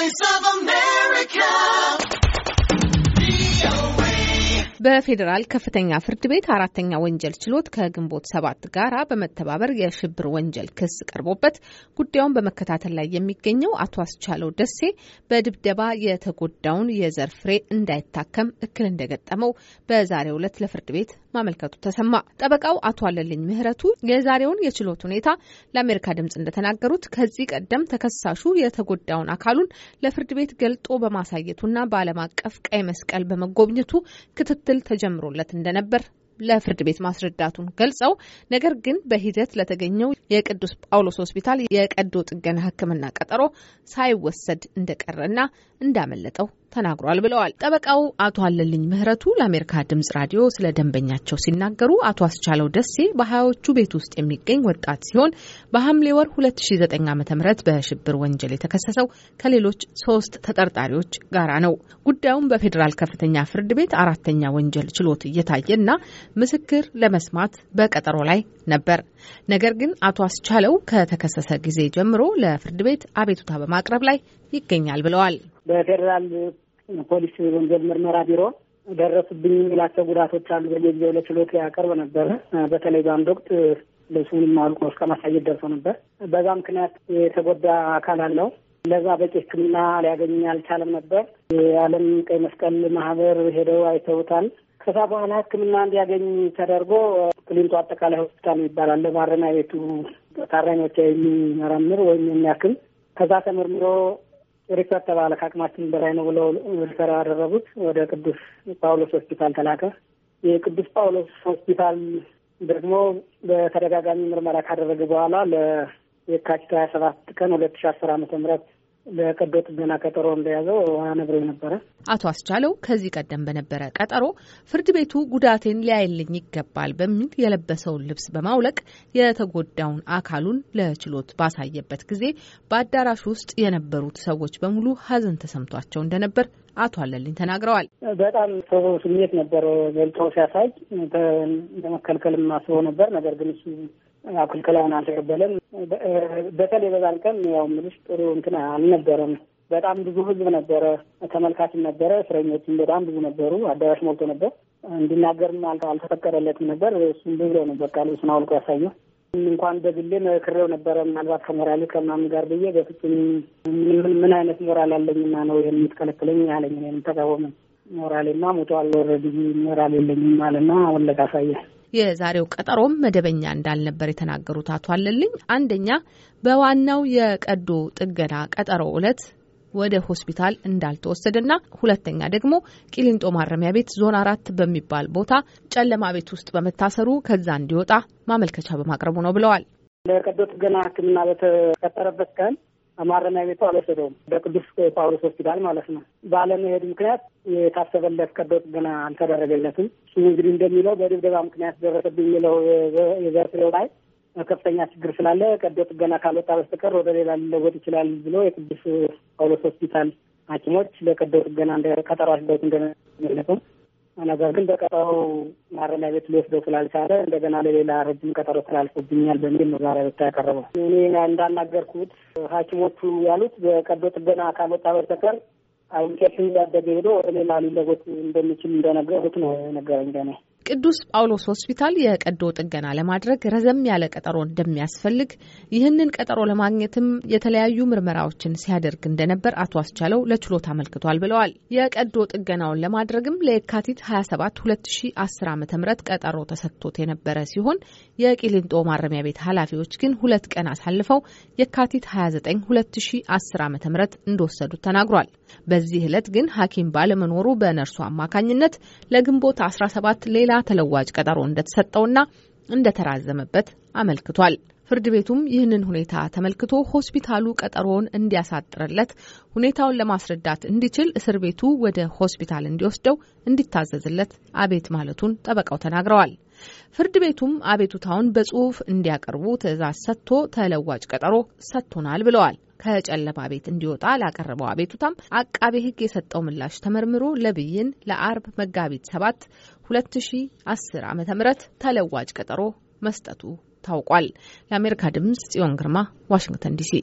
Voice of America. በፌዴራል ከፍተኛ ፍርድ ቤት አራተኛ ወንጀል ችሎት ከግንቦት ሰባት ጋር በመተባበር የሽብር ወንጀል ክስ ቀርቦበት ጉዳዩን በመከታተል ላይ የሚገኘው አቶ አስቻለው ደሴ በድብደባ የተጎዳውን የዘር ፍሬ እንዳይታከም እክል እንደገጠመው በዛሬው ዕለት ለፍርድ ቤት ማመልከቱ ተሰማ። ጠበቃው አቶ አለልኝ ምህረቱ የዛሬውን የችሎት ሁኔታ ለአሜሪካ ድምጽ እንደተናገሩት ከዚህ ቀደም ተከሳሹ የተጎዳውን አካሉን ለፍርድ ቤት ገልጦ በማሳየቱና በዓለም አቀፍ ቀይ መስቀል በመጎብኘቱ ክትትል ተጀምሮለት እንደነበር ለፍርድ ቤት ማስረዳቱን ገልጸው ነገር ግን በሂደት ለተገኘው የቅዱስ ጳውሎስ ሆስፒታል የቀዶ ጥገና ሕክምና ቀጠሮ ሳይወሰድ እንደቀረና እንዳመለጠው ተናግሯል ብለዋል። ጠበቃው አቶ አለልኝ ምህረቱ ለአሜሪካ ድምጽ ራዲዮ ስለ ደንበኛቸው ሲናገሩ አቶ አስቻለው ደሴ በሀያዎቹ ቤት ውስጥ የሚገኝ ወጣት ሲሆን በሐምሌ ወር 2009 ዓ ም በሽብር ወንጀል የተከሰሰው ከሌሎች ሶስት ተጠርጣሪዎች ጋራ ነው። ጉዳዩም በፌዴራል ከፍተኛ ፍርድ ቤት አራተኛ ወንጀል ችሎት እየታየና ምስክር ለመስማት በቀጠሮ ላይ ነበር። ነገር ግን አቶ አስቻለው ከተከሰሰ ጊዜ ጀምሮ ለፍርድ ቤት አቤቱታ በማቅረብ ላይ ይገኛል ብለዋል። በፌዴራል ፖሊስ ወንጀል ምርመራ ቢሮ ደረሱብኝ የሚላቸው ጉዳቶች አሉ። በየጊዜው ለችሎት ያቀርብ ነበር። በተለይ በአንድ ወቅት ልብሱንም አውልቆ እስከ ማሳየት ደርሶ ነበር። በዛ ምክንያት የተጎዳ አካል አለው። ለዛ በቂ ሕክምና ሊያገኝ አልቻለም ነበር። የዓለም ቀይ መስቀል ማህበር ሄደው አይተውታል። ከዛ በኋላ ሕክምና እንዲያገኝ ተደርጎ ክሊንቶ አጠቃላይ ሆስፒታል ይባላል። ለማረሚያ ቤቱ ታራኞች የሚመረምር ወይም የሚያክም ከዛ ተመርምሮ ሪፈር ተባለ። ከአቅማችን በላይ ነው ብለው ሪፈር ያደረጉት ወደ ቅዱስ ጳውሎስ ሆስፒታል ተላከ። የቅዱስ ጳውሎስ ሆስፒታል ደግሞ በተደጋጋሚ ምርመራ ካደረገ በኋላ ለየካቲት ሀያ ሰባት ቀን ሁለት ሺ አስር አመተ ምህረት ለቀዶ ጥገና ቀጠሮ እንደያዘው ነግሮኝ ነበረ። አቶ አስቻለው ከዚህ ቀደም በነበረ ቀጠሮ ፍርድ ቤቱ ጉዳቴን ሊያይልኝ ይገባል በሚል የለበሰውን ልብስ በማውለቅ የተጎዳውን አካሉን ለችሎት ባሳየበት ጊዜ በአዳራሽ ውስጥ የነበሩት ሰዎች በሙሉ ሀዘን ተሰምቷቸው እንደነበር አቶ አለልኝ ተናግረዋል። በጣም ሰው ስሜት ነበር ገልጦ ሲያሳይ ለመከልከልም አስበው ነበር ነገር ግን ያው አልተቀበለም። በተለይ በዛን ቀን ያው ምልሽ ጥሩ እንትን አልነበረም። በጣም ብዙ ህዝብ ነበረ፣ ተመልካችም ነበረ፣ እስረኞችም በጣም ብዙ ነበሩ። አዳራሽ ሞልቶ ነበር። እንዲናገርም አልተፈቀደለትም ነበር። እሱም ብሎ ነው በቃ ልብሱን አውልቆ ያሳየው። እንኳን በግሌ መክሬው ነበረ። ምናልባት ከሞራሌ ከምናምን ጋር ብዬ በፍጹም ምን አይነት ሞራል አለኝና ነው ይህን የምትከለክለኝ አለኝ። ተቃወመ። ሞራሌማ ሞቷል፣ ኦልሬዲ ሞራል የለኝም አለና አወለቀ፣ አሳየ የዛሬው ቀጠሮም መደበኛ እንዳልነበር የተናገሩት አቶ አለልኝ አንደኛ በዋናው የቀዶ ጥገና ቀጠሮ ዕለት ወደ ሆስፒታል እንዳልተወሰደና ሁለተኛ ደግሞ ቂሊንጦ ማረሚያ ቤት ዞን አራት በሚባል ቦታ ጨለማ ቤት ውስጥ በመታሰሩ ከዛ እንዲወጣ ማመልከቻ በማቅረቡ ነው ብለዋል። ለቀዶ ጥገና ሕክምና በተቀጠረበት ቀን ማረሚያ ቤቱ አልወሰደውም። በቅዱስ ጳውሎስ ሆስፒታል ማለት ነው። ባለመሄድ ምክንያት የታሰበለት ቀዶ ጥገና አልተደረገለትም። እሱ እንግዲህ እንደሚለው በድብደባ ምክንያት ደረሰብኝ የሚለው የዘርትሬው ላይ ከፍተኛ ችግር ስላለ ቀዶ ጥገና ካልወጣ በስተቀር ወደ ሌላ ሊለወጥ ይችላል ብሎ የቅዱስ ጳውሎስ ሆስፒታል ሐኪሞች ለቀዶ ጥገና ቀጠሯ ሲደት እንደመለጠው ነገር ግን በቀጠሮ ማረሚያ ቤት ሊወስደው ስላልቻለ እንደገና ለሌላ ረጅም ቀጠሮ ተላልፎብኛል በሚል ነው ዛሬ ብታ ያቀረበው። እኔ እንዳናገርኩት ሐኪሞቹ ያሉት በቀዶ ጥገና ካልወጣ በስተቀር አይንቄሽን እያደገ ሄዶ ወደ ሌላ ሊለወጥ እንደሚችል እንደነገሩት ነው የነገረኝ ገና ቅዱስ ጳውሎስ ሆስፒታል የቀዶ ጥገና ለማድረግ ረዘም ያለ ቀጠሮ እንደሚያስፈልግ ይህንን ቀጠሮ ለማግኘትም የተለያዩ ምርመራዎችን ሲያደርግ እንደነበር አቶ አስቻለው ለችሎት አመልክቷል ብለዋል። የቀዶ ጥገናውን ለማድረግም ለየካቲት 27 2010 ዓ ም ቀጠሮ ተሰጥቶት የነበረ ሲሆን የቂሊንጦ ማረሚያ ቤት ኃላፊዎች ግን ሁለት ቀን አሳልፈው የካቲት 29 2010 ዓ ም እንደወሰዱት ተናግሯል። በዚህ ዕለት ግን ሐኪም ባለመኖሩ በነርሱ አማካኝነት ለግንቦት 17 ሌላ ሌላ ተለዋጭ ቀጠሮ እንደተሰጠውና እንደተራዘመበት አመልክቷል። ፍርድ ቤቱም ይህንን ሁኔታ ተመልክቶ ሆስፒታሉ ቀጠሮውን እንዲያሳጥርለት፣ ሁኔታውን ለማስረዳት እንዲችል እስር ቤቱ ወደ ሆስፒታል እንዲወስደው እንዲታዘዝለት አቤት ማለቱን ጠበቃው ተናግረዋል። ፍርድ ቤቱም አቤቱታውን በጽሁፍ እንዲያቀርቡ ትዕዛዝ ሰጥቶ ተለዋጭ ቀጠሮ ሰጥቶናል ብለዋል። ከጨለማ ቤት እንዲወጣ ላቀረበው አቤቱታም አቃቤ ሕግ የሰጠው ምላሽ ተመርምሮ ለብይን ለአርብ መጋቢት ሰባት 2010 ዓ ም ተለዋጭ ቀጠሮ መስጠቱ ታውቋል። ለአሜሪካ ድምጽ ጽዮን ግርማ ዋሽንግተን ዲሲ